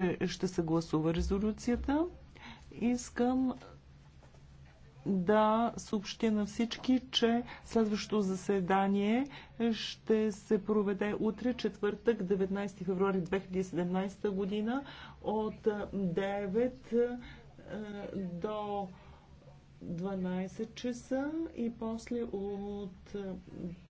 Е, ще се гласува резолюцията. Искам да съобщя на всички, че следващото заседание ще се проведе утре, четвъртък, 19 февруари 2017 година от 9 е, до 12 часа и после от